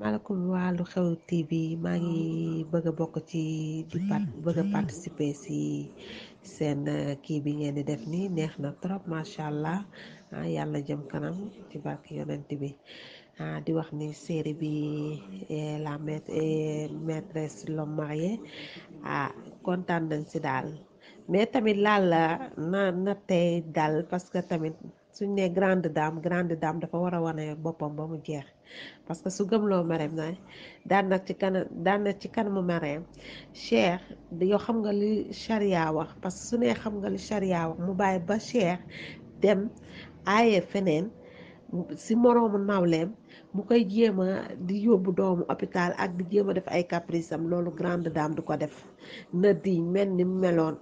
maaleykum waa lu xew TV maa ngi bëgg bokk ci di part participer si seen uh, kii bi ngeen di def nii neex na trop macha allah ah, yàlla jëm kanam ci barke yonent bi ah, di wax ni série bi eh, la eh, maîtresse l'homme marié ah kontaan nañ si daal mais tamit laal la na na daal parce que tamit suñ ne grande dame grande dame dafa war a wane boppam ba mu jeex. parce que su gëmloo Marème na daan ci daan na ci kanamu Marème Cheikh yoo xam nga li charia wax parce que su nee xam nga li charia wax mu bàyyi ba Cheikh dem aaye feneen si moroomu nawleem mu koy jéema di yóbbu doomu hôpital ak di jéem a def ay caprice loolu grande dame du ko def na di mel ni meloon.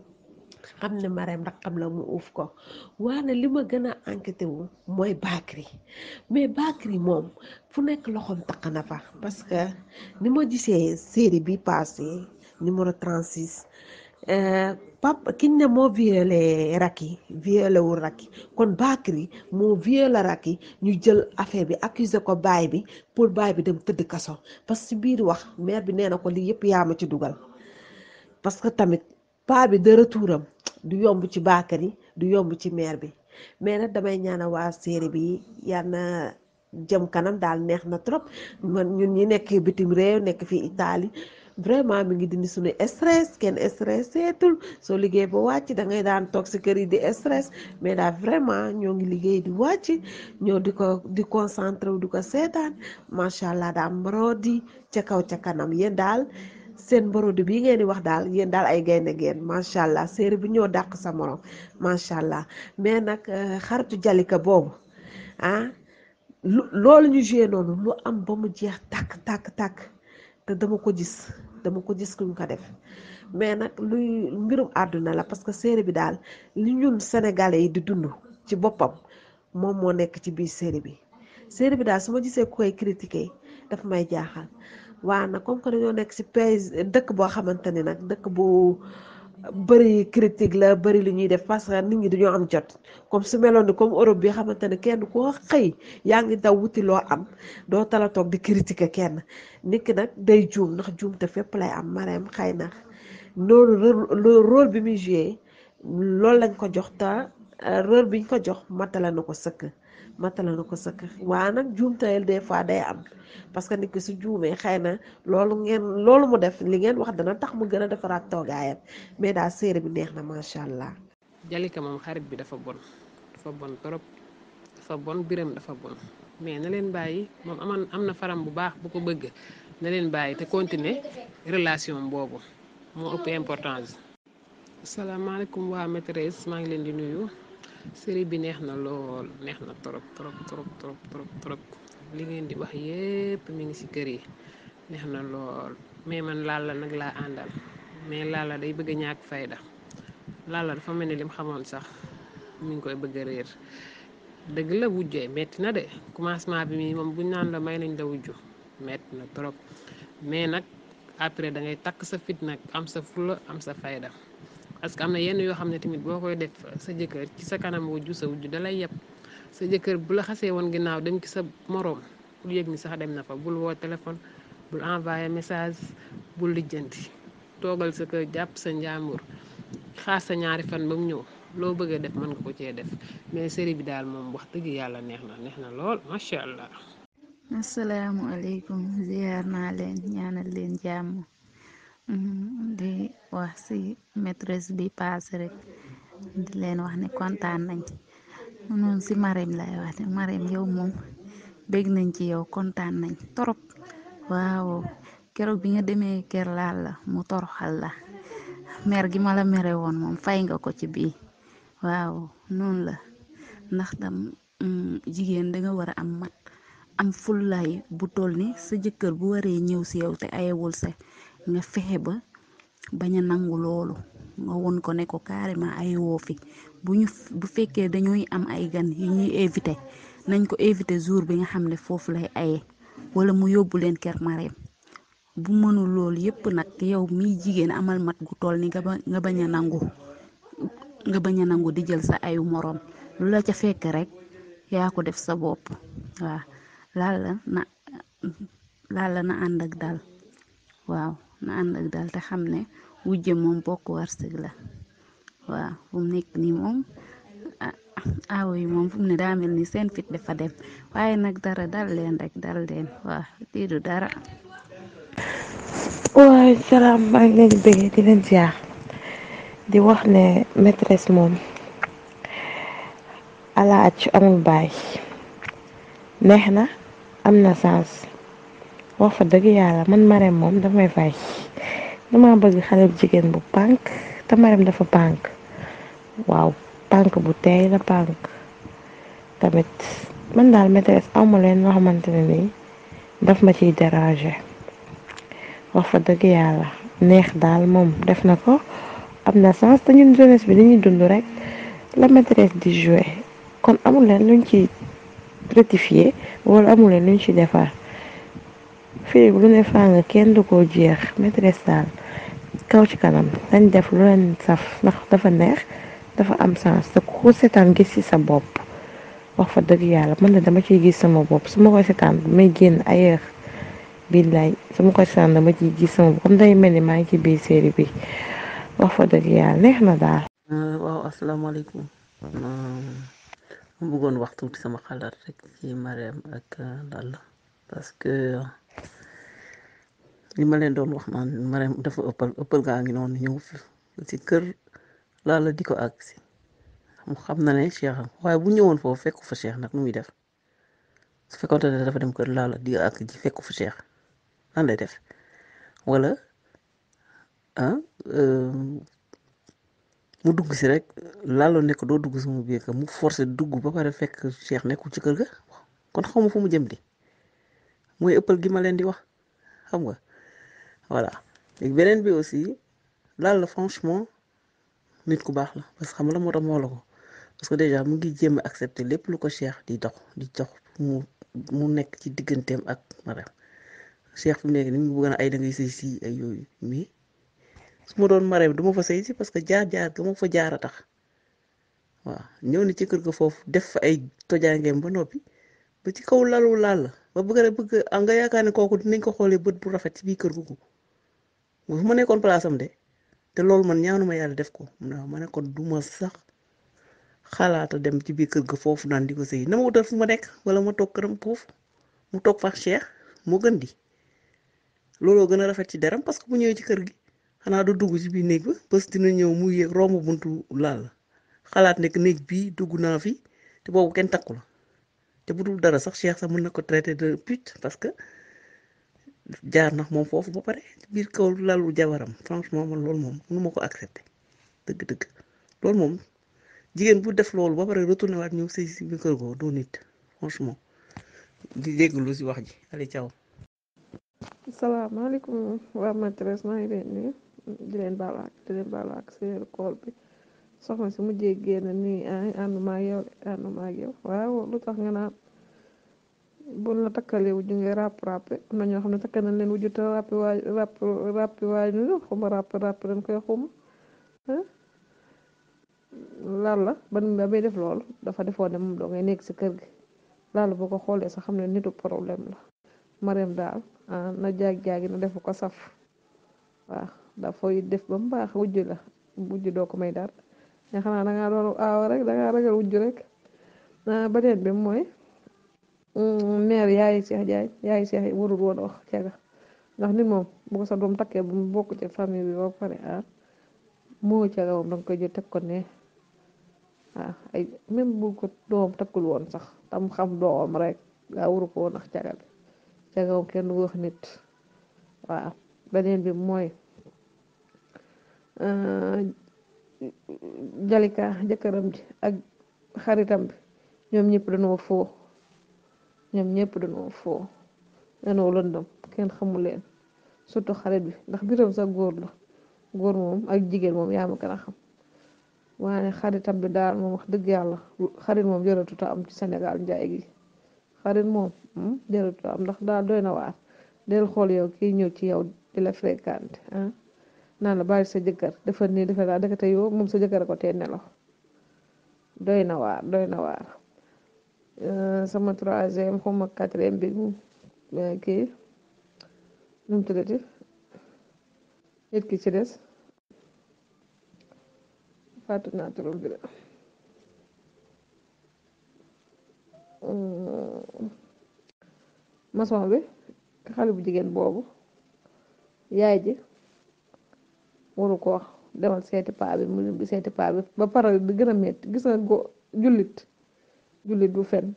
xam ne Marème rakkam la mu uuf ko waane li ma gën a enquêté wu mooy Bakri mais Bakri moom fu nekk loxoom taq na fa parce que ni ma gisee série bi passé numéro 36 euh, pap kiñ ne moo violé Racky violé wul Racky kon Bakri moo violé Racky ñu jël affaire bi accusé ko baay bi pour baay bi dem tëdd kaso parce que biir wax maire bi nee na ko lii yëpp yaa ma ci dugal parce que tamit paa bi de retouram du yomb ci Bakary du yomb ci maire bi mais nag damay ñaana waa série bi yal na jëm kanam daal neex na trop man ñun ñi nekk bitim réew nekk fii Italie vraiment mi ngi dindi suñu stress kenn stress seetul soo liggéey ba wàcc da ngay daan toog kër yi di stress mais daal vraiment ñoo ngi liggéey di wàcc ñoo di ko di concentré wu di ko seetaan macha allah daam roo di ca kaw ca kanam yéen daal. seen borodi bii ngeen di wax daal yéen daal ay gaynde gen macha allah séeréer bi ñoo dàq sa morom macha allah mais nag euh, xaritu jalika boobu ah lu loolu ñu joué noonu lu am ba mu jeex tàkk tàkk tàkk te dama ko gis dama ko gis kuñ ko def mais nag luy mbirum àdduna la parce que série bi daal li ñun sénégalais yi di dund ci boppam moom moo nekk ci biir série bi série bi daal su ma gisee ku koy critiquer daf may jaaxal waa nag comme que dañoo nekk si pays dëkk boo xamante ni nag dëkk bu bëri critique la bëri li ñuy def parce que nit ñi dañoo am jot comme su meloon ni comme Europe bi xamante ne kenn koo xëy yaa ngi daw wuti loo am doo tala toog di critiquer kenn nit ki nag day juum ndax juum te fépp lay am mareem xay na loolu bi muy joué loolu lañ ko jox te euh, rôle biñ ko jox matala na ko sëkk matala na ko sëkk waa nag juumtayel des fois day am parce que nit ki su juumee xëy na loolu ngeen loolu mu def li ngeen wax dana tax mu gën a defaraat toogaayam mais daa série bi neex na macha allah. Jalika moom xarit bi dafa bon dafa bon trop dafa bon biram dafa bon mais na leen bàyyi moom amoon am na faram bu baax bu ko bëgg na leen bàyyi te continuer relation boobu moo important importance. asalaamaaleykum waa maîtresse maa ngi leen di nuyu. série bi neex na lool neex na trop trop trop trop trop trop li ngeen di wax yépp mi ngi ci kër yi neex na lool mais man Lalla nag laa àndal mais Lalla day bëgg a ñàkk fayda Lalla dafa mel ni lim xamoon sax mu ngi koy bëgg a réer dëgg la wujjee metti na de commencement bi mii moom buñ naan la may nañ la wujju metti na trop mais nag après da ngay takk sa fit nag am sa fulla am sa fayda parce que am na yenn yoo xam ne tamit boo koy def sa jëkkër ci sa kanam wujju sa wujju dalay yeb sa jëkkër bu la xasee woon ginnaaw dem ci sa moroom bul yëg ni sax dem na fa bul woo téléphone bul envoyé message bul lijjanti toogal sa kër jàpp sa njàmbur xaar sa ñaari fan ba ñëw loo bëggee def mën nga ko cee def mais série bi daal moom wax dëgg yàlla neex na neex na lool macha allah. asalaamualeykum ziar naa leen ñaanal leen jàmm. di wax ci maîtresse bi paase rek di leen wax ne kontaan nañ noonu ci Marème lay wax ne Marème yow moom bég nañ ci yow kontaan nañ torop waaw keroog bi nga demee kër laal la mu toroxal la mer gi ma la mere woon moom fay nga ko ci bii waaw noonu la ndax tam jigéen danga war a am mat am fullaay bu toll ni sa jëkkër bu waree ñëw si yow te ayewul sa nga fexe ba bañ a nangu loolu nga won ko ne ko carrément ay woo bu ñu bu fekkee dañuy am ay gan yu ñuy évité nañ ko évité jour bi nga xam ne foofu lay aye wala mu yóbbu leen kër mareem bu mënul loolu yépp nag yow muy jigéen amal mat gu toll ni nga bañ a nangu nga bañ a nangu di jël sa ayu moroom lu la ca fekk rek yaa ko def sa bopp waaw laal na laal la na ànd ak dal waaw na ànd dal te xam ne wujje moom bokk warsëg la waaw fu mu nekk nii moom ah, aawo yi moom fu ne daa mel ni seen fit dafa dem waaye nag dara dal leen rek dal leen waaw lii dara. waaye salaam maa ngi di bëggee di leen ziar di wax ne maîtresse moom ala amul baay neex na am na sens. wax fa dëgg yàlla man Marème moom damay fay dama bëgg xale bu jigéen bu pànk te Marème dafa pànk waaw pànk bu teey la pànk tamit man daal maîtresse amuleen leen loo xamante ne nii daf ma ciy déranger wax fa dëgg yàlla neex daal moom def na ko am na sens te ñun jeunesse bi dañuy dund rek la maîtresse di jouer kon amul leen luñ ci rectifier wala amul leen luñ ci defar. fii lu ne fàng kenn du ko jeex Maîtresse daal kaw ci kanam dañ def lu leen saf ndax dafa neex dafa am sens te ku seetaan gis ci sa bopp wax fa dëgg yàlla man de dama ciy gis sama bopp su ma koy seetaan may génn ayeex billaay ma koy seetaan dama ciy day mel ni maa ngi ci biir série bi wax fa dëgg yàlla neex na daal. Euh, waaw asalaamaaleykum euh, ma bëggoon wax tuuti sama xalaat rek ci Marème ak euh, Lalla parce que. li ma leen doon wax naan Marème dafa ëppal ëppal gaa ngi noonu ñëw si kër laa la di ko àgg si xam na ne Cheikh waaye bu ñëwoon foofu fekk fa Cheikh nag nu muy def su fekkoon ne dafa dem kër laal la di àgg ji fekku fa Cheikh lan lay def wala ah euh, mu dugg si rek laalo nekk doo dugg sama biir mu forcé dugg ba pare fekk Cheikh nekkul ci kër ga kon xaw ma mu jëm di mooy ëppal gi ma leen di wax xam nga. voilà beneen bi aussi laal la franchement nit ku baax la parce que xam la moo tax moo la ko parce que déjà mu ngi jéem a accepter lépp lu ko Cheikh di dox di jox mu mu nekk ci digganteem ak Marème Cheikh fu mu nekk ni mu bëgg na ay da ngay sëy si ay yooyu mais su ma doon Marème du ma fa sëy si parce que jaar jaar ga ma fa jaar a tax waaw ñëw na ci kër ga foofu def fa ay tojaangeem ba noppi ba ci kaw lalu laal la ba bëgg a bëgg nga yaakaar ne kooku dinañ ko xoolee bët bu rafet ci biir kër googu. moom ma nekkoon place de te loolu man ñaanuma yàlla def ko ma ne kon duma sax xalaata dem ci biir kër gi foofu naan di ko sëy na ma wutal fu ma nekk wala ma toog këram foofu mu toog fa Cheikh moo gën di looloo gën a rafet ci deram parce que bu ñëwee ci kër gi xanaa du dugg ci biir néeg ba bés dina ñëw muy yéeg romb buntu laal la xalaat nekk néeg bii dugg naa fi te boobu kenn takku la te bu dul dara sax Cheikh sax mën na ko traité de pute parce jaar nax moom foofu ba pare biir kaw lalu jabaram franchement moom loolu moom nu ma ko accepter dëgg-dëgg loolu moom jigéen bu def loolu ba pare retourné waat ñëw sëy si biir kër goo doo di dégg lu si wax ji allez ciao. salaamaaleykum waa maa ngi leen nuyu di leen baal ak di leen baal ah, waaw lu tax nga naan. buñ la takkalee wujju ngay ràpp ràpp na ñoo xam ne takka nañ leen wujju te ràpp waay ràpp ràpp waay ñu xuma ràpp ràpp dañ koy xuma Lalla ban ba muy def loolu dafa defoon ne moom doo ngay nekk si kër gi Lalla boo ko xoole sax xam ne nitu problème la Marème daal ah, na jaag jaagi na defu ko saf waaw dafay def ba mu baax wujju la doo ko may dara nga xanaa dangaa doon aawa rek dangaa ragal wujju rek ah, beneen bi mooy Mm, mère yaayu Cheikh Ndiaye yaayu yi warul woon wax caga ndax nit moom bu ko doom takkee bu mu bokk ci famille bi ba pare ah moo moom danga koy jël teg ko ne ah ay même bu takkul woon sax tam xam doom rek daa waru ko woon ak caga bi caga moom kenn du wax nit waaw beneen bi mooy ah, Jalika jëkkëram ji ak xaritam bi ñoom ñëpp dañoo foo ñoom ñëpp dañoo foo dañoo lëndëm kenn xamu leen surtout xarit bi ndax biram sax góor la góor moom ak jigéen moom yaa ma gën xam waaye xaritam bi daal moom wax dëgg yàlla xarit moom jaratuta am ci Sénégal njaay gi xarit moom hmm, jaratuta ndax daal doy na waar del xool yow kii ñëw ci yow di la fréquente ah. naan la bàyyi sa jëkkër defal nii defal daal dëkk te yow moom sa jëkkër a ko tee nelaw doy na waar doy na waar sama troisième xaw ma quatrième bi euh, kii nu mu tuddati ki ci des fàttu naa turam bi la euh, xale bu jigéen boobu yaay ji waru ko wax demal seeti paa mu seeti paa ba pare bi gën a metti gis nga go jullit jullit bu fen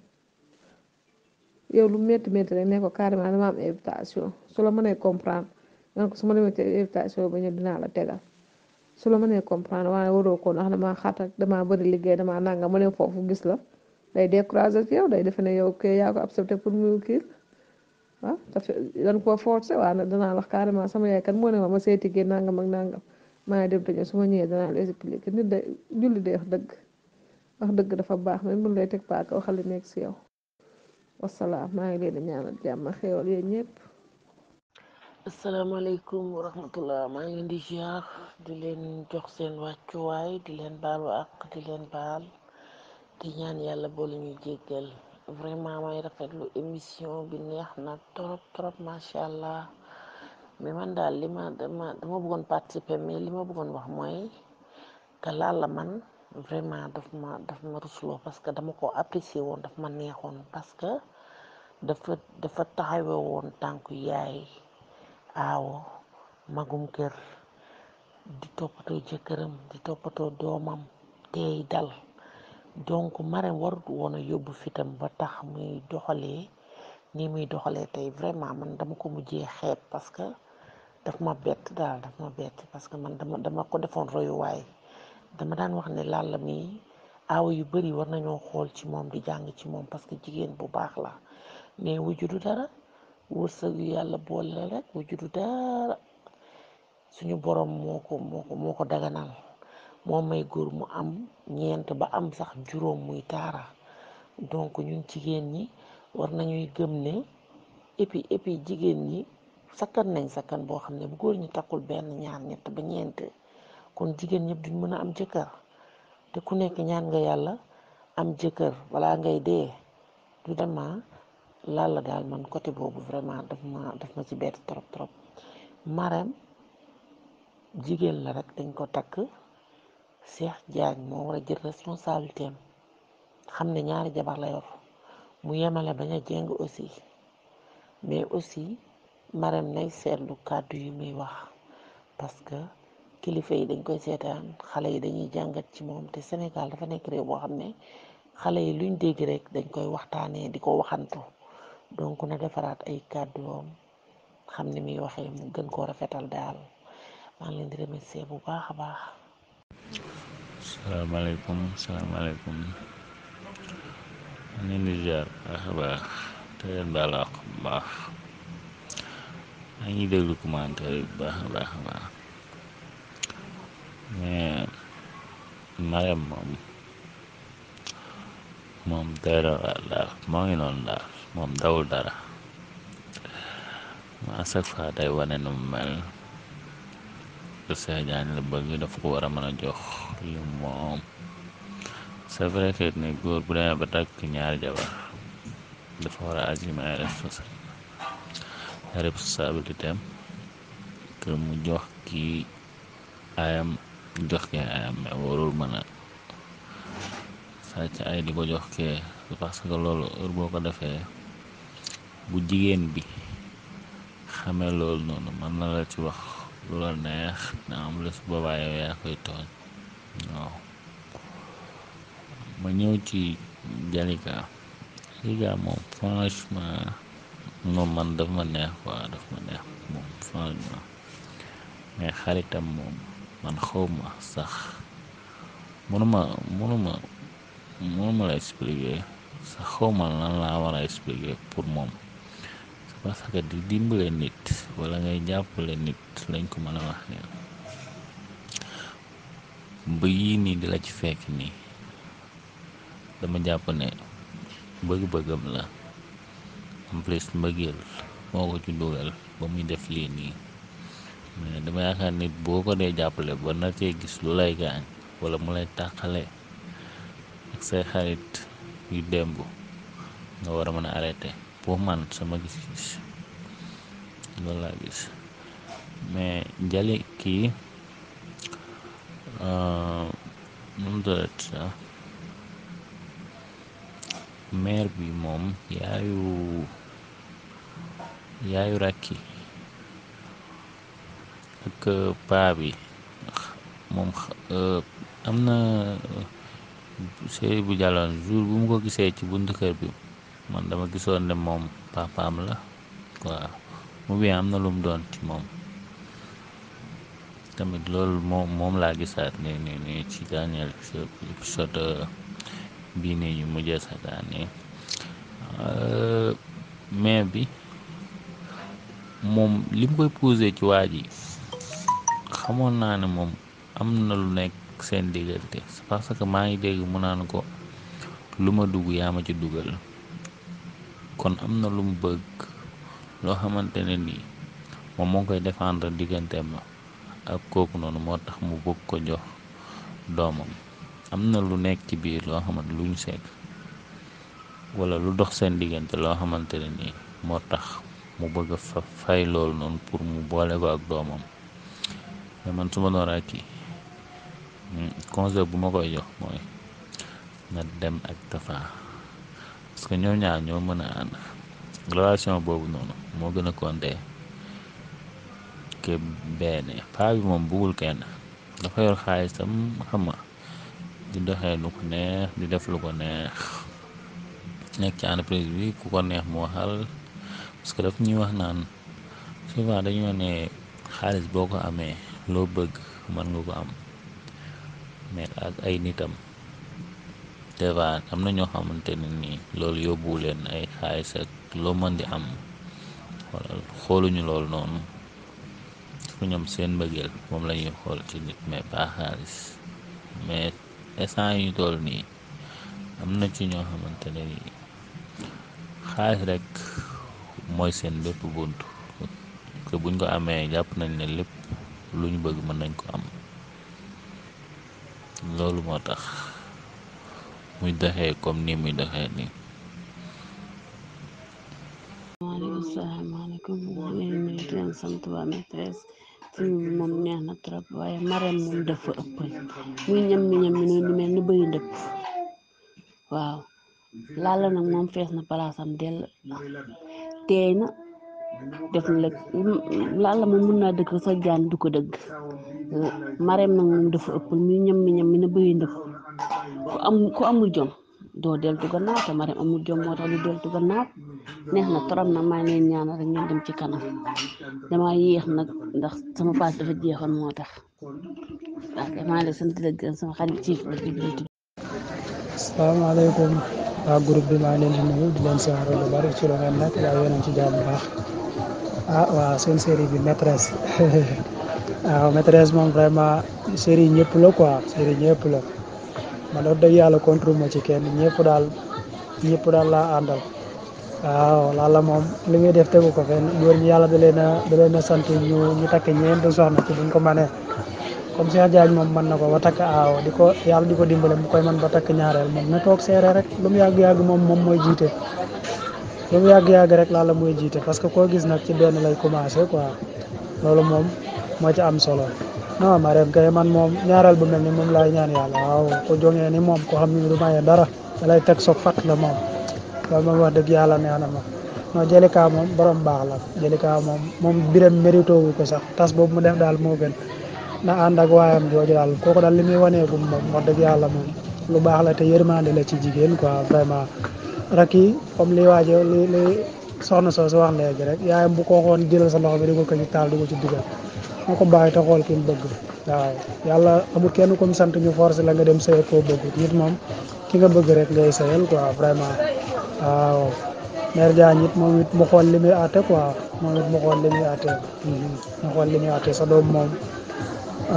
yow lu metti metti rek ne ko carrément dama am invitation su la mënee comprendre nga su ma demee ci invitation ba dinaa la tegal su la mënee comprendre waaye waroo ko ndax damaa xat ak damaa bëri liggéey damaa nanga ma ne foofu gis la day découragé ci yow day defe ne yow kay yaa ko accepté pour mu kii ah te dañ koo forcé waaye nag danaa wax carrément sama yaay kan moo ne ma ma seeti gi nangam ak nangam maa ngi dem te ñëw su ma ñëwee danaa la expliqué nit day julli day wax dëgg. wax dëgg dafa baax même buñ lay teg paaka waxal li nekk si yow wasalaam maa ngi leen di ñaanal jàmm xéewal yéen ñëpp asalaamaaleykum wa rahmatullah maa ngi leen di ziar di leen jox seen wàccuwaay di leen baal wa ak di leen baal di ñaan yàlla boole ñu jéggal vraiment may rafetlu émission bi neex na trop trop macha allah mais man daal li ma dama dama bëggoon participer mais li ma bëggoon wax mooy que laal man vraiment daf ma ma rusloo parce que dama ko apprécier woon daf ma neexoon parce que dafa dafa taxawe woon tànku yaay aawo magum kër di toppatoo jëkkëram di toppatoo doomam tey dal donk Marème warut woon a yóbbu fitam ba tax muy doxalee ni muy doxalee tey vraiment man dama ko mujjee xeeb parce que daf ma bett daal daf ma bett parce que man dama dama ko defoon royuwaay dama daan wax ne Lalla mii aaw yu bëri war nañoo xool ci moom di jàng ci moom parce que jigéen bu baax la mais wujju du dara wërsëgu yàlla boole la rek wujju du dara suñu borom moo ko moo ko moo daganal moo may góor mu am ñeent ba am sax juróom muy taara donc ñun jigéen ñi war nañuy gëm ne et puis jigéen ñi sakkan nañ sakkan boo xam ne bu góor ñi takkul benn ñaar ñett ba ñeent kon jigéen ñëpp duñ mën a am jëkkër te ku nekk ñaan nga yàlla am jëkkër wala ngay dee du vraiment ah. laal la daal man côté boobu vraiment daf ma daf ma ci bett trop trop Marème jigéen la rek dañ ko takk Cheikh Diagne moo war a jël responsabilité am xam ne ñaari jabar la yor mu yemale bañ a aussi mais aussi Marème nay seetlu kàddu yu muy wax parce que kilifa yi dañ koy seetaan xale yi dañuy jàngat ci moom te Sénégal dafa nekk réew boo xam ne xale yi luñ dégg rek dañ koy waxtaanee di ko waxantu donc na defaraat ay kàddoom xam ne muy waxee mu gën koo rafetal daal maa ngi di remercier bu baax a baax. salaamaaleykum salaamaaleykum ngi leen baax a baax a baax maa ngi déglu yi bu baax a baax. mais Mariam moom moom doy daal moo ngi noonu daal moom dawul dara à chaque fois day wane nu mel Cheikh Diagne la bëgg daf ko war a mën a jox li moom góor bu demee ba takk ñaari jabar dafa war a assumer ay responsabilité mu jox kii ayam jox kee ay am warul mën a sàcc ay di ko jox kee parce que loolu heure boo ko defee bu jigéen bi xamee loolu noonu man na la ci wax lu la neex na am la su boobaa yaa koy tooñ ma ñëw ci Jalika Jalika moom franchement moom man daf ma neex quoi daf ma neex moom franchement mais xaritam moom man xawma sax mënuma mënuma mënuma la expliquer sax xawma lan laa war a expliquer pour moom c'est parce que di dimbale nit wala ngay jàpp leen nit lañ ko mën a wax ne ba yii nii di la ci fekk nii dama jàpp ne bëgg-bëggam la en plus mbëggeel moo ko ci dugal ba muy def lii nii mais yaakaar nit boo ko dee jàppale ba na cee gis lu lay gaañ wala mu lay tàqale ak say xarit yu démb nga war a mën a arrêté pour man sama gis-gis loolu laa gis mais jali kii euh, nu mu dolet sax bi moom yaayu yaayu rakki ak euh, paa bi moom euh, am na série bu jàlloon jour bu mu ko gisee ci buntu kër bi man dama gisoon ne moom papaam la waaw mu bien am na lu doon ci moom tamit loolu moom laa gisaat ni ni ni ci dernier épisode euh, bii nii ñu mujjee seetaan nii mais bi moom li mu koy posé ci waa ji xamoon naa ne moom am na lu nekk seen diggante parce que maa ngi dégg mu naan ko lu ma dugg yaa ma ci dugal kon am na lu mu bëgg loo xamante ne nii moom moo koy défendre digganteem la ak kooku noonu moo tax mu bëgg ko jox doomam am na lu nekk ci biir loo xamante luñ sekk walla lu dox seen diggante loo xamante ne nii moo tax mu bëgg fa fay loolu noonu pour mu boole ko ak doomam. mais man su ma noor ak kii hmm, conseil bu ma koy jox mooy na dem ak Tapha parce que ñoom ñaar ñoo mën a ànd relation boobu noonu moo gën a compter que benn paa bi moom bëggul kenn dafa yor xaalisam xam nga di doxee lu ko neex di def lu ko neex nekk ci entreprise bi ku ko neex mu waxal parce que daf ñuy wax naan souvent dañoo ne xaalis boo ko amee. loo bëgg mën nga ko am mais ak ay nitam dèjà am na ñoo xamante ne nii loolu yóbbu leen ay xaalis ak loo mën di am wala xooluñu loolu noonu fu ñoom seen mbëggeel moom la ñuy xool ci nit mais pas xaalis mais instant yu toll nii am na ci ñoo xamante ne nii xaalis rek mooy seen bépp bunt te buñ ko amee jàpp nañ ne lépp. lu ñu bëgg mën nañ ko am loolu moo tax muy doxee comme ni muy doxee nii. maaleykum salaam maaleykum moom neex na trop waaye Marème moom dafa ëppal muy ñam mi ñam mi noonu mel ni bëy ndëpp waaw laala nag moom fees na palaasam dell teey def na mm, la lalla moom naa dëgg sa jaan du ko dëgg eh, mareem nag moom dafa ëpp mi ñam mi ñam mi na bëyi ndëpp ku am ku amul jom doo deltu gannaaw te mareem amul jom moo tax du deltu gannaaw neex na toram na maa neen ñaana rek ñu dem ci kanam dama yéex nag ndax sama paas dafa jeexoon moo tax waaw damaa sant la gërëm sama xarit ci asalaamaaleykum waa groupe bi maa ngi leen di di leen saara bari ci lu ngeen nekk yaa yéen ci jàmm baax ah waaw seen série bi maîtresse waaw ah, maîtresse moom vraiment série ñëpp la quoi série ñëpp la man wax dëgg yàlla contre ma ci kenn ñëpp daal ñëpp daal laa àndal waaw lalla moom li muy def tegu ko fenn góor ñi yàlla da leen a da leen a sant ñu ñu takk ñeent soxna ci buñ ko manee comme Cheikh moom mën na ko ba takk aaw di ko yàlla di ko dimbale mu koy man ba takk ñaareel moom na toog seere rek lu mu yàgg-yàgg moom moom mooy jiite lu mu yàgg rek laa la muy jiite parce que koo gis nag ci benn lay commencé ko loolu moom moo ci am solo non Marème Gaye man moom ñaareel bu mel ni moom laay ñaan yàlla waaw ko jongee ni moom ko xam ni du maye dara da lay teg soog fàtt la moom moom wax dëgg yàlla neex na ma non Jalika moom borom baax la Jalika moom moom biram mérito ko sax tas boobu mu def daal moo gën na ànd ak waayam jooju daal kooku daal li muy waneegum moom moo dëgg yàlla moom lu baax la te yërmande la ci jigéen quoi vraiment Racky comme li waajo li li soxna soo si wax léegi rek yaayam bu ko waxoon jëlal sa loxo bi di ko ko ci taal di ko ci dugal nga ko bàyyi te xool ki mu bëgg waaw yàlla amul kenn ku mu sant ñu forcé la nga dem sëy koo bëgg nit moom ki nga bëgg rek ngay sëyal quoi vraiment waaw mère Diagne it moom it mu xool li muy àtte quoi moom it mu xool li mm-hmm. àtte sa doom moom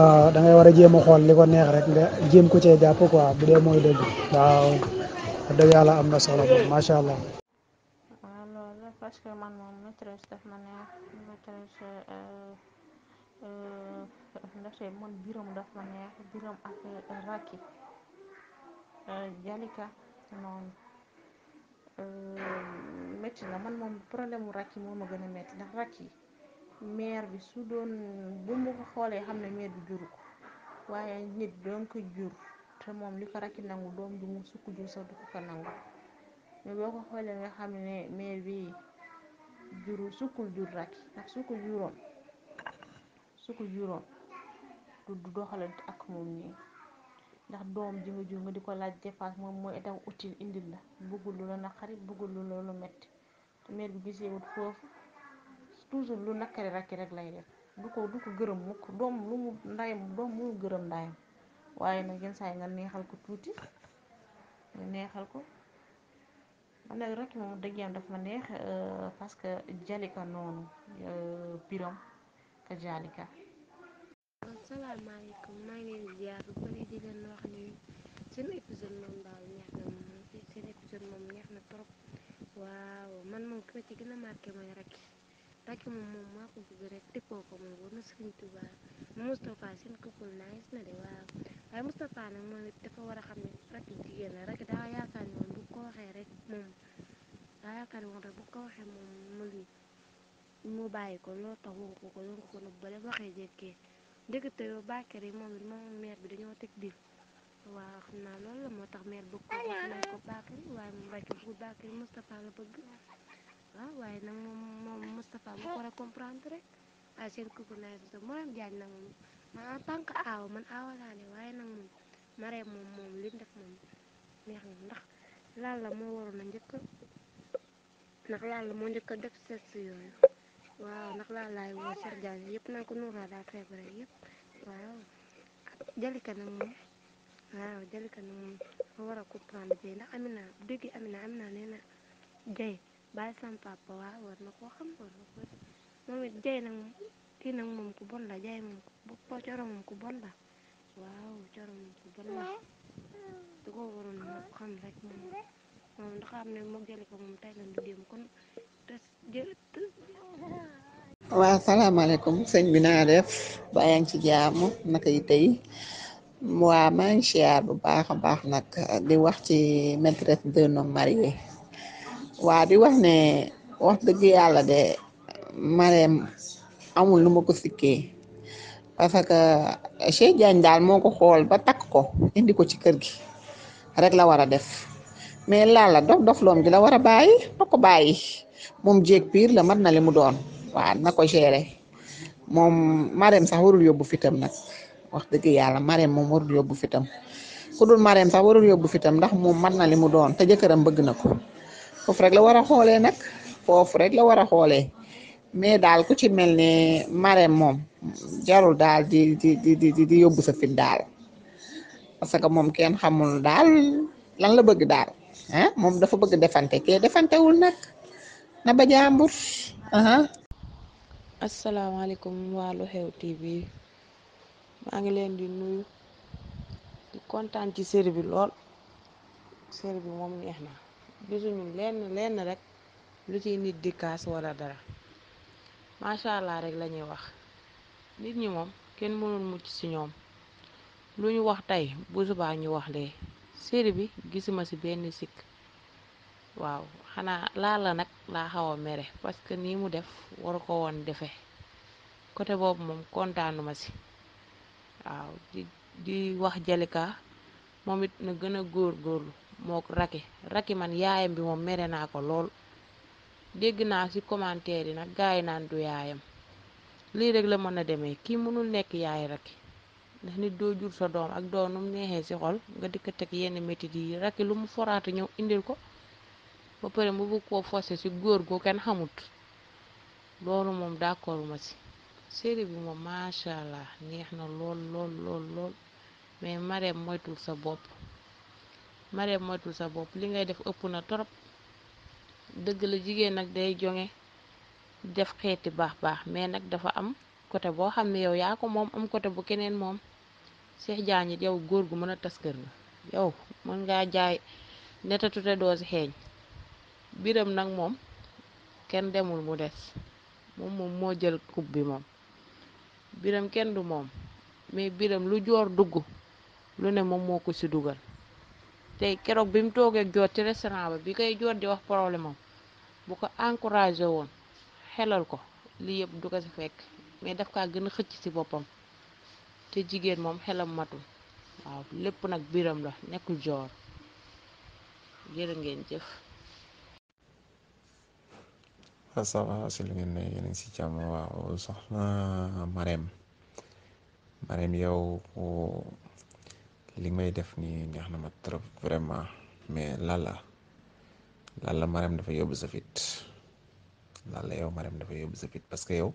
ah, da ngay war a jéem a xool li ko neex rek nga jéem ko cee jàpp quoi bu dee mooy dëgg waaw wax dëgg yàlla am na solo ba macha allah. waaw ah, parce que man moom maîtresse daf ma neex maîtresse euh, euh, ndaxte man biram daf ma neex biram ak Racky euh, Jalika noonu métti man moom problème mu Racky moo ma gën a métti ndax Racky maire bi su doon bu mu ko xoolee xam ne maire bi juru ko waaye nit doon jur. te moom li ko rakki nangu doom ju mu sukk jur sax du ko nangu mais boo ko xoolee nga xam ne mère bi juru sukkul jur rakki ndax sukkul juróom sukkul juróom du doxalante ak moom nii ndax doom ji nga jur nga di ko laaj dépense moom mooy daw utile indil la bëggul lu la naqari bëggul lu la metti te mère bi gisee wut foofu toujours lu naqari rakki rek lay def du ko gërëm mukk doom lu mu ndayam doom mu gërëm ndayam waaye nag yenn saa yi nga neexal ko tuuti nga neexal ko man nag moom dëgg yàlla daf ma neex euh, parce que jalika noonu piram euh, ka maa ngi leen di ziar na moom seen épisode moom neex na man moom pratiquer ko moom war na Serigne Touba Moustapha seen couple nice na de waaw waaye Moustapha nag moom it dafa war a xam ne rakk jigéen la rek daa yaakaar ne ko waxee rek moom daa yaakaar ne moom ko waxee moom mu bàyyi ko loolu tax ko ko doon ko ko nëbb ba dem waxee jékkee ndekete yoo Bakary moom it moom bi dañoo teg dil waaw xam moo tax maire bëgg ko wax ko Bakary waaye moom rakk bu Bakary Moustapha waaye nag moom a comprendre seen couple naay su sax Marème Diagne nag moom man en tant que aaw man aawa laa de moom Marème moom moom li mu moom neex na ndax Lalla a njëkk ndax Lalla moo njëkk a def seet si yooyu waaw ndax Lalla laay woo Cheikh Diagne yëpp naa ko Noura waaw ak Jalika nag moom waaw Jalika nag moom moo war a comprendre Dieye ndax Amina bu déggee Amina Amina nee na Dieye papa waaw war na koo xam war na koo moom it jaay nag moom kii nag moom ku bon la jaay moom ko coro moom ku bon def bàyyaa ngi ci jaamu naka yi tey waa maa ngi bu baax a baax nag di wax ci maîtresse d'un homme marié waa di wax ne wax dëgg yàlla de Marème amul nu ma ko sikkee parce que Cheikh e Diagne daal moo ko xool ba takk ko indi ko ci kër gi rek la war a def mais e laala dof dof loom gi la war a bàyyi ko bàyyi moom jéeg piir la mat na li mu doon waaw na ko gérer moom Marème sax warul yóbbu fitam nag wax dëgg yàlla Marème moom warul yóbbu fitam ku dul Marème sax warul yóbbu fitam ndax moom mat na li mu doon te jëkkëram bëgg na ko foofu rek la war a xoolee nag foofu rek la war a xoolee mais daal ku ci mel ne Marème moom jarul daal di di di yóbbu sa fit daal parce que moom kenn xamul daal lan la bëgg daal ah moom dafa bëgg defante kee defantewul nag na ba jàmbur. asalaamaaleykum waa Lu Xew TV maa ngi leen di nuyu di kontaan ci série bi lool série moom neex na gisuñu lenn lenn rek lu ciy nit di wala dara. macha allah rek la wax nit ñi moom kenn mënul mucc ci ñoom lu ñu wax tey bu subaa ñu wax lee série bi gisuma ci benn sikk waaw xanaa laa la nag laa xaw a mere parce que nii mu def war ko woon defe côté boobu moom kontaanuma ci waaw di di wax Jalika moom it na gën a góor góorlu moo raki raki man yaayam bi moom mere naa ko lool dégg naa ci commentaire yi nag gaay naan du yaayam lii rek la mën a demee kii mënul nekk yaay Racky ndax nit doo jur sa doom ak doom nu neexee ci xol nga di ko teg yenn métit yi Racky lu mu foraatu ñëw indil ko ba pare mu bëgg koo forcé ci góor goo kenn xamut loolu moom d'accord ma ci série bi moom macha allah neex na lool lool lool mais Marème moytul sa bopp Marème moytul sa bopp li ngay def ëpp na torop dëgg la jigéen nag day jonge def xeeti baax baax mais nag dafa am côté boo xam ne yow yaa ko moom am côté bu keneen moom Cheikh Diagne yow góor gu mën a tas kër nga yow mën ngaa jaay netatu te doo xeeñ biram nag moom kenn demul mu des moom moom moo jël kub bi moom biram kenn du moom mais biram lu joor dugg lu ne moom moo ko si dugal te keroog bi mu toogee joor ci restaurant ba bi koy joor di wax problème bu ko encouragé woon xelal ko lii yëpp du ko fekk mais daf kaa gën a xëcc ci boppam te jigéen moom xelam matul lépp nag biram la nekkul joor jërë ngeen jëf asalaamaaleykum ah, si li ngeen ne yéen a ngi si jàmm waaw soxna Marème Marème yow li may def nii neex na ma trop vraiment mais lala lalla Marème dafa yóbbu sa fit lalla yow Marème dafa yóbbu sa parce que yow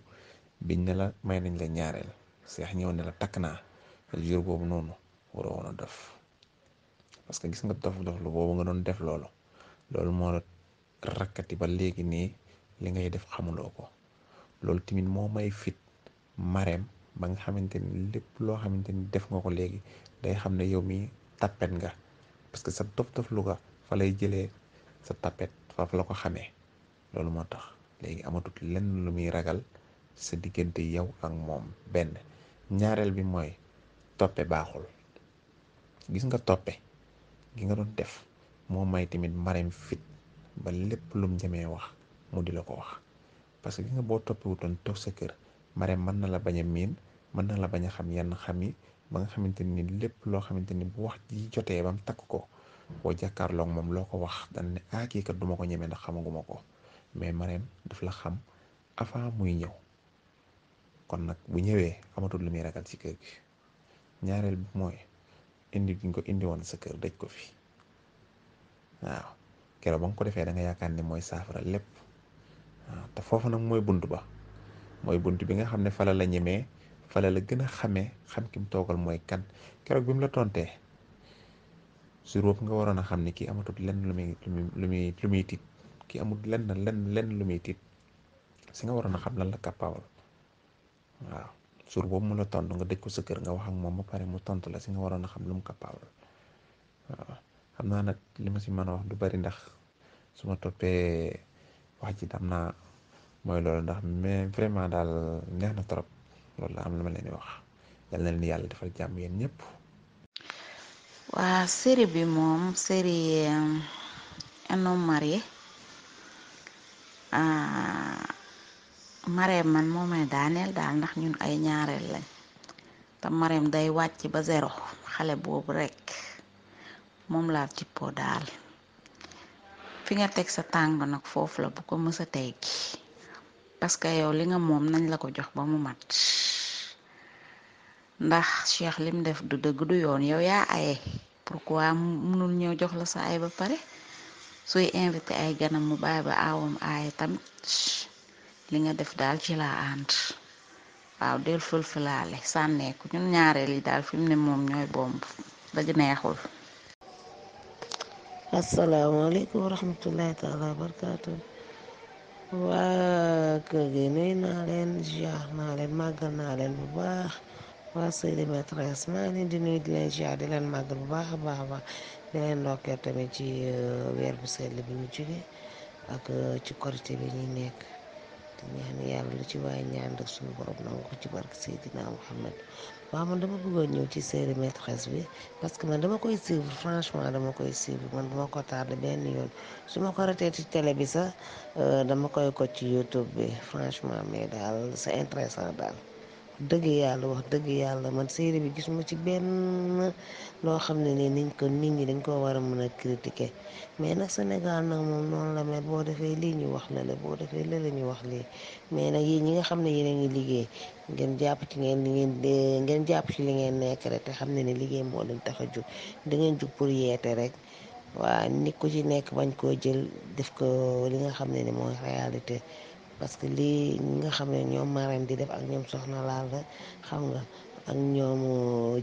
biñ ne la may nañ la ñaareel seex ñëw ne la takk naa jur boobu noonu waroo woon dof parce que gis nga dof dof lu boobu nga doon def loolu loolu moo la rakkati ba léegi nii li ngay def xamuloo ko loolu tamit moo may fit Marème ba nga xamante ni lépp loo xamante ni def nga ko léegi day xam ne yow mi tappet nga parce que sa dof dof lu fa lay jëlee sa tapet faf la ko xamee loolu moo tax léegi amatut lenn lu muy ragal sa diggante yow ak moom benn ñaareel bi mooy toppe baaxul gis nga toppe gi nga doon def moo may tamit mareem fit ba lépp lum jëmee wax mu di la ko wax parce que gi nga boo toppe wutoon toog sa kër mareem mën na la bañ a miin mën na la bañ a xam yenn xam yi ba nga xamante ni lépp loo xamante ni bu wax ji jotee bam takk ko boo jàkkaarloog moom loo ko wax dana ne ah kii kat du ko ñemee ndax xamaguma ko mais marraine daf la xam avant muy ñëw kon nag bu ñëwee amatul lu muy ragal ci kër gi ñaareel bi mooy indi gi ko indi woon sa kër daj ko fi waaw keroog ba nga ko defee da nga yaakaar ni mooy saafara lépp waaw te foofu nag mooy bunt ba mooy bunt bi nga xam ne fala la ñemee fala la gën a xamee xam ki mu toogal mooy kan keroog bi mu la tontee. su boobu nga waroon a xam ne kii amatul lenn lu muy lu muy lu muy tiit kii amul lenn lu muy tiit si nga waroon a xam lan la kàppaawal waaw suur boobu mu nga dëj ko sa kër nga wax ak moom ba pare mu tontu la si nga waroon a xam lu mu kàppaawal xam naa nag li ma si mën a wax du bari ndax su ma toppee wax ji am naa mooy loolu ndax mais vraiment daal neex na trop loolu la am la ma leen di wax yal na leen yàlla defal jàmm yéen ñëpp. waa série bi moom série ehm, Eno Marie ah, Marème man moo may daaneel daal ndax ñun ay ñaareel lañ te mariem day wàcc ba zéro xale boobu rekk moom laa jippoo daal fi nga teg sa tàng nag foofu la bu ko mës a teggi parce que yow li nga moom nañ la ko jox ba mu mat ndax cheikh lim def du dëgg du yoon yow yaa aye pourquoi mënul ñëw jox la sa ay ba pare suy invité ay ganam mu bàyyi ba aawam aaye tamit li nga def daal ci la ànd waaw del fël-fëlaale sànneeku ñun ñaareel yi daal fi mu ne moom ñooy bomb daj neexul asalaamaaleykum warahmatullahi taala wabarakatu waa kër gi nuy naa leen ziar naa leen màggal naa leen bu baax waa sëy de maîtresse maa ngi leen di nuyu di leen ziar di leen màggal bu baax a baax a baax di leen ndokkeel tamit ci euh, weer bu sell bi ñu jóge ak euh, ci korité bi ñuy nekk te ñaan yàlla lu ci waaye ñaan rek suñu borom nangu ko ci barke Seydina Muhammad waaw man dama bëggoon ñëw ci série maîtresse bi parce que man dama koy suivre franchement dama koy suivre man dama ko tardé benn yoon su ma ko ratee ci télé bi sax euh, dama koy ko ci YouTube bi franchement mais daal c'est intéressant daal dëgg yàlla wax dëgg yàlla man série bi gis ma ci benn loo xam ne nii niñ ko nit ñi dañ koo war a mën a critiquer mais nag Sénégal nag moom noonu la mel boo defee lii ñu wax la la boo defee la la wax lii mais nag yéen ñi nga xam ne yéen a ngi liggéey ngeen jàpp ci ngeen li ngeen ngeen jàpp ci li ngeen nekk rek te xam ne ni liggéey moo leen tax a jug da ngeen jug pour yeete rek waa nit ko ci nekk bañ koo jël def ko li nga xam ne ni mooy réalité parce que lii ñi nga xam ne ñoom Marème di def ak ñoom Soxna Laal la xam nga ak ñoomu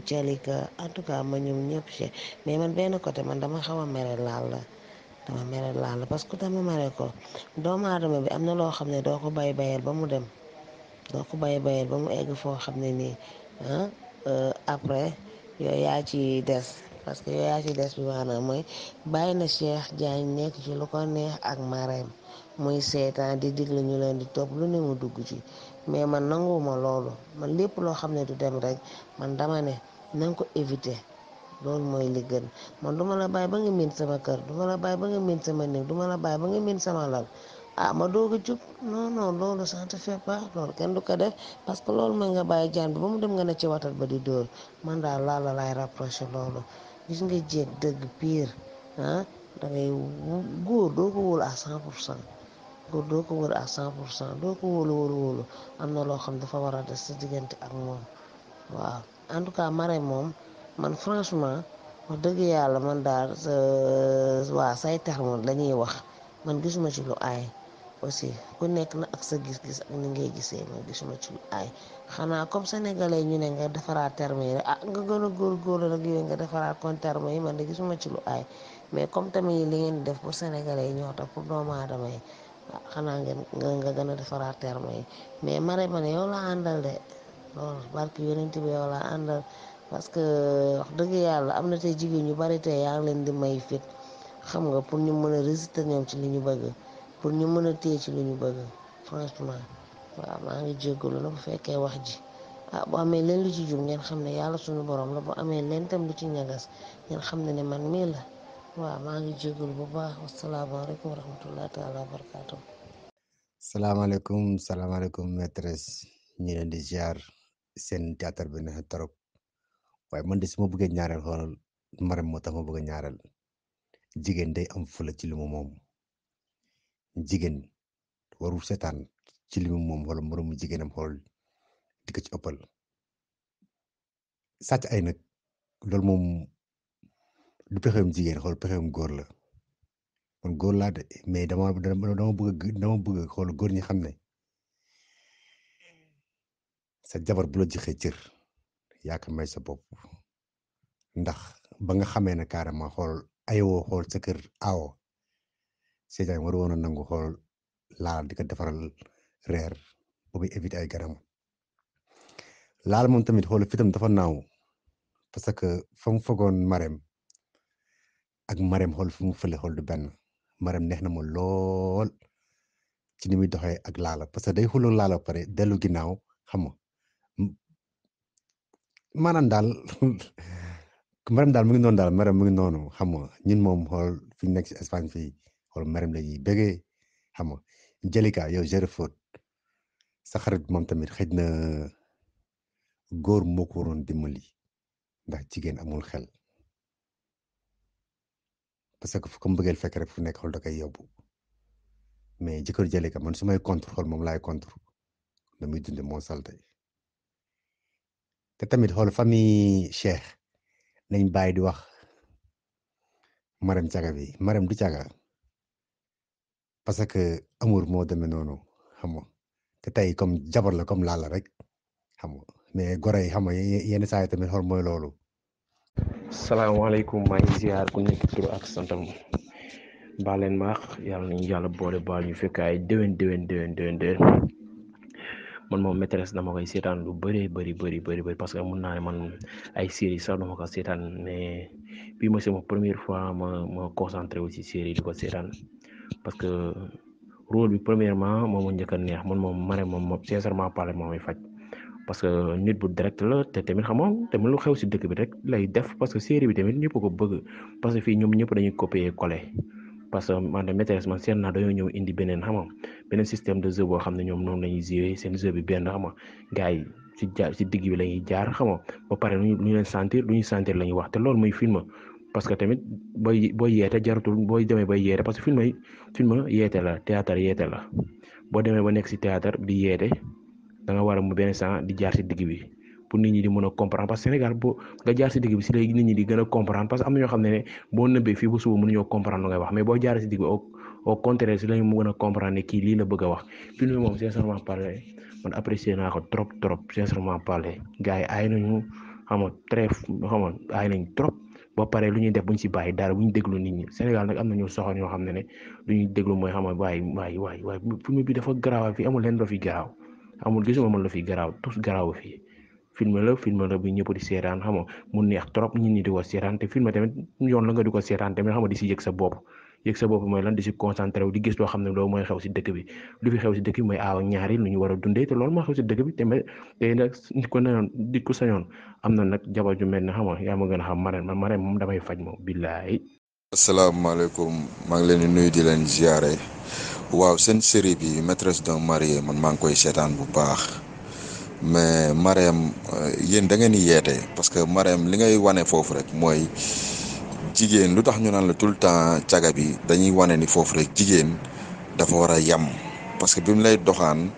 Jalika en tout cas ma ñoom ñëpp ci mais man benn côté man dama xaw a mere Laal la dama mere Laal la parce que dama meree ko doomu aadama bi am na loo xam ne doo ko bay bayal ba mu dem doo ko bay bayal ba mu egg foo xam ne nii ah euh, après yooyu yaa ci des. parce que yooyaa ci des bi maanaam mooy bàyyi na Cheikh Diagne nekk ci lu ko neex ak mareem muy seetaan di digle ñu leen di topp lu ne mu dugg ci mais man nanguwuma loolu man lépp loo xam ne du dem rek man dama ne ko éviter loolu mooy li gën man du ma la bàyyi ba nga miin sama kër du ma la bàyyi ba nga miin sama néeg du ma la bàyyi ba nga miin sama lal ah ma doog a jub non non loolu ça ne fait loolu kenn du ko def parce que loolu ma nga bàyyi jaan bi ba mu dem nga ne ci watat ba di dóor man daal laala laay rapproché loolu gis nga jeeg dëgg pire ah da ngay góor doo ko wóolu à cent pour cent góor doo ko cent pour cent doo ko am na loo xam dafa war a des sa diggante ak moom waaw en tout cas mare moom man franchement wax dëgg yàlla man daal waa say terme la ñuy wax man gisuma ci lu aay aussi ku nekk na ak sa gis-gis ak ni ngay gisee ma gisuma ci lu aay xanaa comme sénégalais ñu ne nga defaraat terme yi rek ah nga gën a góorgóorlu nag yooyu yi man de gisuma ci mais comme tamit li ngeen def pour sénégalais yi ñoo tax pour doomu aadama yi ah xanaa ngeen nga gën a defaraat terme yi mais mare ma ne yow laa àndal de loolu barki yonent bi yow laa àndal parce que wax dëgg yàlla am na tey jigéen ñu bari tey yaa leen di may fit xam nga pour ñu mën a résister ñoom ci li ñu bëgg. pour ñu mën a téye ci lu ñu bëgg franchement waaw maa ngi jéggalu na bu fekkee wax ji ah bu amee leen lu ci ngeen xam ne yàlla suñu borom la bu amee leen tam ci ñagas ngeen xam ne ne man mii la waaw maa ngi jéggalu bu baax wasalaamaaleykum wa rahmatullahi taala wa barakaatu salaamaaleykum salaamaaleykum maîtresse ñu leen di ziar seen théâtre bi neex trop waaye man de ma bëggee ñaareel xoolal maram moo tax ma bëgg ñaareel jigéen day am fula ci lu mu jigéen waru seetaan ci li mu moom wala moroomu jigéenam xool di ko ci ëppal sàcc ay nag loolu moom du pexeem jigéen xool pexeem góor la man góor laa de mais dama dama bëgg dama bëgg xool góor ñi xam ne sa jabar bu la joxee cër yaa ko may sa bopp ndax ba nga xamee ne carrément xool ayoo xool sa kër awo Sénégal waru woon a nangu xool laal di ko defaral reer ba muy éviter ay garam laal moom tamit xool fitam dafa naaw parce que fa fogoon Marème ak Marème xool fi mu fële xool du benn Marème neex na ma lool ci ni muy doxee ak laala parce que day xuloo laala pare dellu ginnaaw xam nga maanaam daal Marème daal mu ngi noonu daal Marème mu ngi xam nga ñun moom xool fi nekk ci Espagne fii wala maram la ñuy bëggee xam nga Jalika yow jërë faute sa xarit moom tamit xëj na góor moo ko waroon dimbali ndax jigéen amul xel parce que fu ko mbëggeel fekk rek fu nekk xool da koy yóbbu mais jëkkër Jalika man su may contre xool moom laay contre da muy dunde moo salte te tamit xool famille Cheikh nañ bàyyi di wax maram caga bi maram du caga parce que amour moo demee noonu xam nga te tey comme jabar la comme laala rek xam mais goro yi xam nga yenn saa yi tamit xool mooy loolu. salaamaaleykum maa ngi ziar leen maax yàlla nañu yàlla boole baal ñu fekk ay déwén déwén déwén déwén déwén man moom maîtresse dama koy seetaan lu bëree bëri bëri parce que mun naa ne man ay série sax dama ko seetaan mais bii mooy sama première fois ma ma concentré wu si seetaan. parce que rôle bi premièrement moom mu njëkk neex man moom Marème moom sincèrement parler moom may faj parce que nit bu direct la te tamit xam nga tamit lu xew si dëkk bi rek lay def parce que série bi tamit ñëpp ko bëgg parce que fii ñoom ñëpp dañuy copier coller parce que man de maîtresse man seet naa dañoo ñëw indi beneen xam beneen système de jeu o xam ne ñoom noonu lañuy jouer seen jeu bi benn xam nga gars yi si jaar digg bi la ñuy jaar xam nga ba pare lu ñu leen lu ñuy sentir la ñuy wax te loolu muy film. parce que tamit bo booy yeete jaratul booy demee ba yeete parce que film yi film yeete la théâtre yeete la boo demee ba nekk si théâtre di yeete da nga war a mu benn sant di jaar si digg bi pour nit ñi di mën a comprendre parce que Sénégal boo nga jaar si digg si léegi nit ñi di gën a comprendre parce que am ñoo xam ne ne boo nëbbee fii ba suba mënuñoo comprendre lu ngay wax mais boo jaaree si digg bi au si lañ mu comprendre ne kii lii la bëgg a wax film bi moom sincèrement parlé man apprécier naa ko xam nga très xam nañ trop. ba pare lu ñuy def bu ñu si bàyyi dara bu ñu déglu nit ñi Sénégal nag am na ñu soxor ñoo xam ne ne lu ñuy déglu mooy xam nga waay waay waay waay film bi dafa garaaw fi amul leen la fi garaaw amul gisuma man la fi garaaw tous garaaw fii film la film la bu ñëpp di seetaan xam mu neex trop ñun ñi di ko seetaan te film tamit yoon la nga di ko seetaan tamit xam nga di si yëg sa bopp. yëg sa bopp mooy lan di si concentré wu di gis loo xam ne loolu mooy xew si dëkk bi lu fi xew si dëkk bi mooy aaw ñaari lu ñu war a dundee te loolu moo xew si dëkk bi te mais tey nag nit ko nenoon nit ku sañoon am na nag jabar ju mel ne xam nga yaa ma gën a xam marraine man marraine moom damay faj moom billaay asalaamaaleykum maa ngi leen di nuyu di leen ziare waaw seen série bi maîtresse d'un marié man maa ngi koy seetaan bu baax mais Marème euh, yéen da ngeen di yeete parce que Marème li ngay wane foofu rek mooy jigéen lu tax ñu naan la tout le temps caga bi dañuy wane ni foofu rek jigéen dafa war a yam parce que bi mu lay doxaan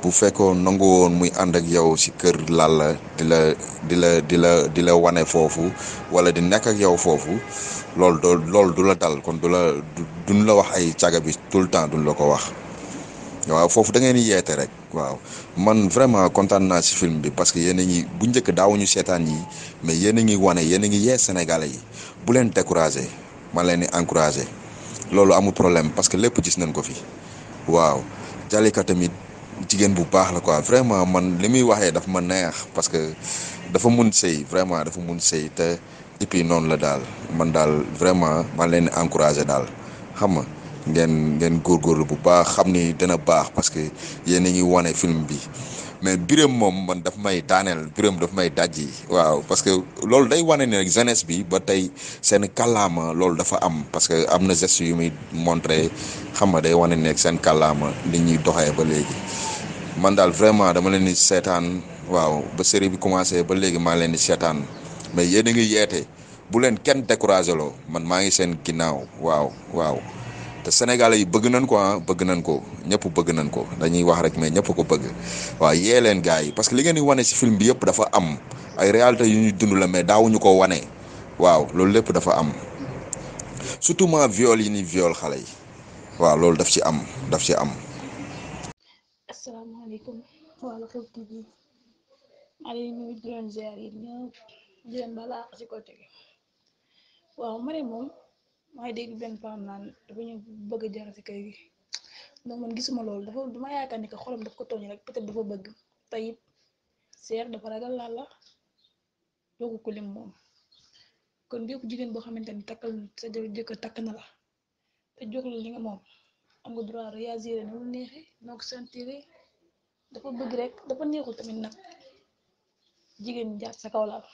bu fekkoon nangu woon muy ànd ak yow si kër lalla di la di la di la di la wane foofu wala di nekk ak yow foofu loolu doo loolu du la dal kon du la duñ la wax ay caga bi tout le temps duñ la ko wax waaw foofu da ngeen di yeete rek waaw man vraiment kontaan naa si film bi parce que yéen a ngi bu njëkk daawuñu seetaan yi mais yéen a ngi wane yéen a ngi yee Sénégalais yi bu leen découragé man leen di encouragé loolu amul problème parce que lépp gis nañ ko fi waaw Jalika tamit jigéen bu baax la ko vraiment man li muy waxee dafa ma neex parce que dafa mun sëy vraiment dafa mun sëy te et puis noonu la daal man daal vraiment man leen di encouragé daal xam nga ngeen góor góorlu bu baax xam ni dina baax parce que yéen a ngi wane film bi. mais biram moom man dafa may daaneel biram dafa may dajji waaw parce que loolu day wane ni rek jeunesse bi ba tey seen kàllaama loolu dafa am parce que am na geste yu muy montré xam nga day wane ne rek seen kàllaama li ñuy doxee ba léegi man daal vraiment dama leen di seetaan waaw ba série bi commencé ba léegi maa leen di seetaan mais yéen a ngi yeete bu leen kenn découragé loo man maa ngi seen ginnaaw waaw waaw te sénégalais yi bëgg nañ ko ah bëgg nañ ko ñëpp bëgg nañ ko dañuy wax rek mais ñëpp ko bëgg waaw yee leen gars yi parce que li ngeen di wane si film bi yëpp dafa am ay réalité yu ñuy dund la mais daawuñu ko wane waaw loolu lépp dafa am surtout ma viole yi ni viol xale yi waaw loolu daf ci am daf ci am. maa ngi dégg benn femme naan dafa ñu bëgg a jaar si kër gi donc man gisuma loolu dafa dama yaakaar ni que xolam daf tooñ rek peut-être dafa bëgg te it seer dafa ragal laal la yokku ko lim moom kon bépp jigéen boo xamante ni takkal sa jëkkër takk na la te jox la li nga moom am nga droit réagir ni mu neexee noo ko dafa bëgg rek dafa neexul tamit nag jigéen jaar sa kaw laal.